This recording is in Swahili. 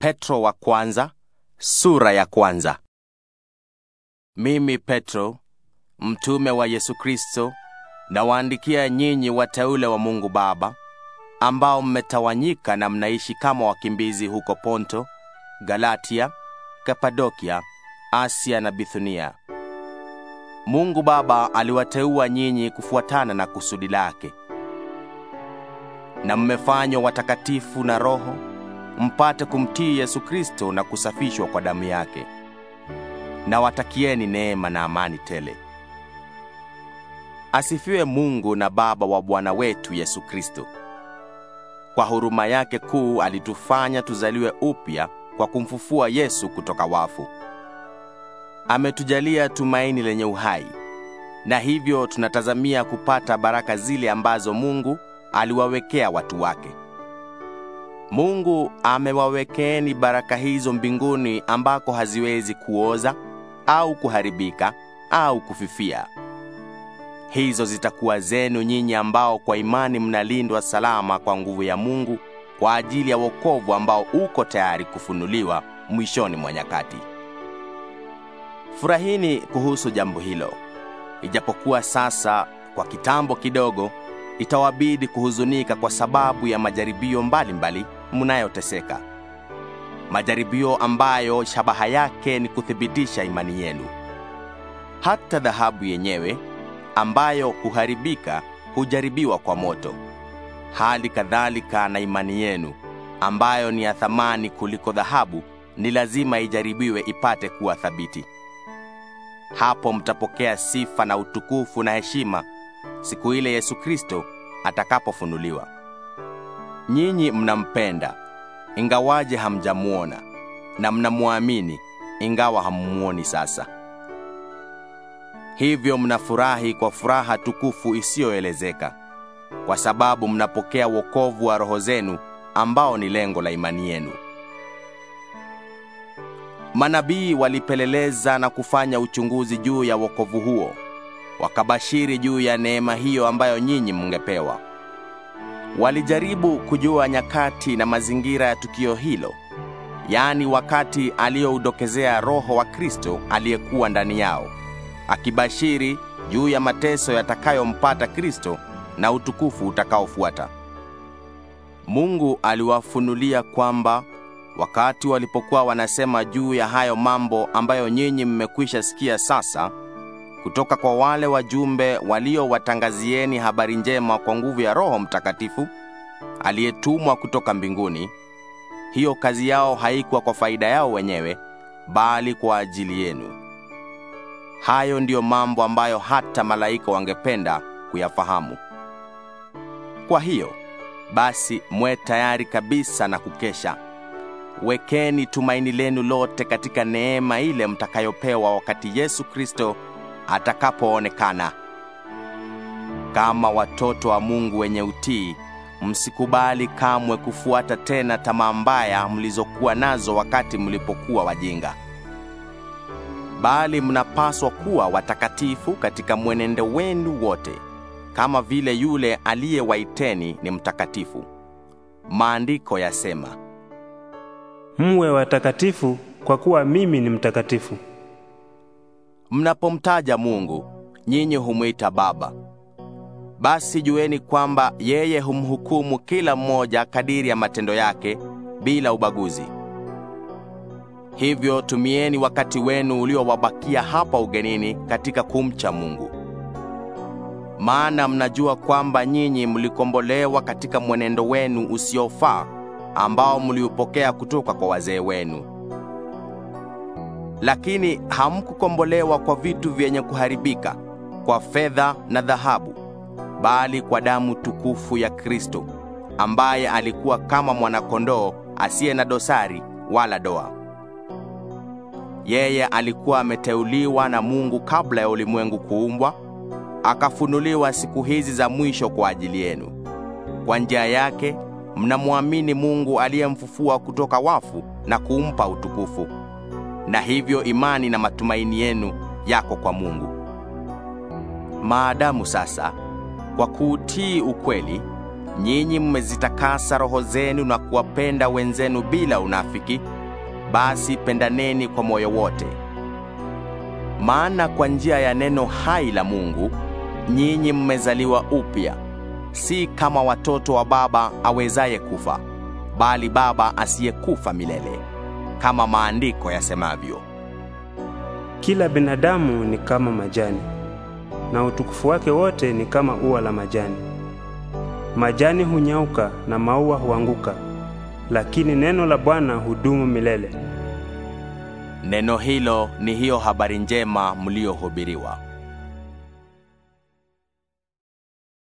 Petro wa kwanza, sura ya kwanza. Mimi Petro mtume wa Yesu Kristo nawaandikia nyinyi wateule wa Mungu Baba ambao mmetawanyika na mnaishi kama wakimbizi huko Ponto, Galatia, Kapadokia, Asia na Bithunia. Mungu Baba aliwateua nyinyi kufuatana na kusudi lake, na mmefanywa watakatifu na Roho mpate kumtii Yesu Kristo na kusafishwa kwa damu yake. Na watakieni neema na amani tele. Asifiwe Mungu na Baba wa Bwana wetu Yesu Kristo. Kwa huruma yake kuu alitufanya tuzaliwe upya kwa kumfufua Yesu kutoka wafu. Ametujalia tumaini lenye uhai. Na hivyo tunatazamia kupata baraka zile ambazo Mungu aliwawekea watu wake. Mungu amewawekeni baraka hizo mbinguni ambako haziwezi kuoza au kuharibika au kufifia. Hizo zitakuwa zenu nyinyi ambao kwa imani mnalindwa salama kwa nguvu ya Mungu kwa ajili ya wokovu ambao uko tayari kufunuliwa mwishoni mwa nyakati. Furahini kuhusu jambo hilo. Ijapokuwa sasa kwa kitambo kidogo itawabidi kuhuzunika kwa sababu ya majaribio mbalimbali mbali, mnayoteseka, majaribio ambayo shabaha yake ni kuthibitisha imani yenu. Hata dhahabu yenyewe ambayo huharibika hujaribiwa kwa moto, hali kadhalika na imani yenu ambayo ni ya thamani kuliko dhahabu, ni lazima ijaribiwe ipate kuwa thabiti. Hapo mtapokea sifa na utukufu na heshima siku ile Yesu Kristo atakapofunuliwa. Nyinyi mnampenda ingawaje hamjamwona, na mnamwamini ingawa hammwoni sasa. Hivyo mnafurahi kwa furaha tukufu isiyoelezeka, kwa sababu mnapokea wokovu wa roho zenu ambao ni lengo la imani yenu. Manabii walipeleleza na kufanya uchunguzi juu ya wokovu huo, wakabashiri juu ya neema hiyo ambayo nyinyi mngepewa. Walijaribu kujua nyakati na mazingira ya tukio hilo, yaani wakati aliyoudokezea Roho wa Kristo aliyekuwa ndani yao, akibashiri juu ya mateso yatakayompata Kristo na utukufu utakaofuata. Mungu aliwafunulia kwamba wakati walipokuwa wanasema juu ya hayo mambo ambayo nyinyi mmekwisha sikia sasa kutoka kwa wale wajumbe waliowatangazieni habari njema kwa nguvu ya Roho Mtakatifu aliyetumwa kutoka mbinguni. Hiyo kazi yao haikuwa kwa faida yao wenyewe, bali kwa ajili yenu. Hayo ndiyo mambo ambayo hata malaika wangependa kuyafahamu. Kwa hiyo basi, mwe tayari kabisa na kukesha. Wekeni tumaini lenu lote katika neema ile mtakayopewa wakati Yesu Kristo atakapoonekana. Kama watoto wa Mungu wenye utii, msikubali kamwe kufuata tena tamaa mbaya mlizokuwa nazo wakati mlipokuwa wajinga, bali mnapaswa kuwa watakatifu katika mwenendo wenu wote, kama vile yule aliyewaiteni ni mtakatifu. Maandiko yasema, mwe watakatifu kwa kuwa mimi ni mtakatifu. Mnapomtaja Mungu, nyinyi humwita Baba. Basi jueni kwamba yeye humhukumu kila mmoja kadiri ya matendo yake bila ubaguzi. Hivyo tumieni wakati wenu uliowabakia hapa ugenini katika kumcha Mungu. Maana mnajua kwamba nyinyi mlikombolewa katika mwenendo wenu usiofaa ambao mliupokea kutoka kwa wazee wenu lakini hamkukombolewa kwa vitu vyenye kuharibika, kwa fedha na dhahabu, bali kwa damu tukufu ya Kristo, ambaye alikuwa kama mwanakondoo asiye na dosari wala doa. Yeye alikuwa ameteuliwa na Mungu kabla ya ulimwengu kuumbwa, akafunuliwa siku hizi za mwisho kwa ajili yenu. Kwa njia yake mnamwamini Mungu aliyemfufua kutoka wafu na kumpa utukufu na hivyo imani na matumaini yenu yako kwa Mungu. Maadamu sasa kwa kuutii ukweli nyinyi mmezitakasa roho zenu na kuwapenda wenzenu bila unafiki, basi pendaneni kwa moyo wote. Maana kwa njia ya neno hai la Mungu nyinyi mmezaliwa upya, si kama watoto wa baba awezaye kufa, bali baba asiyekufa milele kama maandiko yasemavyo, kila binadamu ni kama majani na utukufu wake wote ni kama ua la majani. Majani hunyauka na maua huanguka, lakini neno la Bwana hudumu milele. Neno hilo ni hiyo habari njema mliohubiriwa.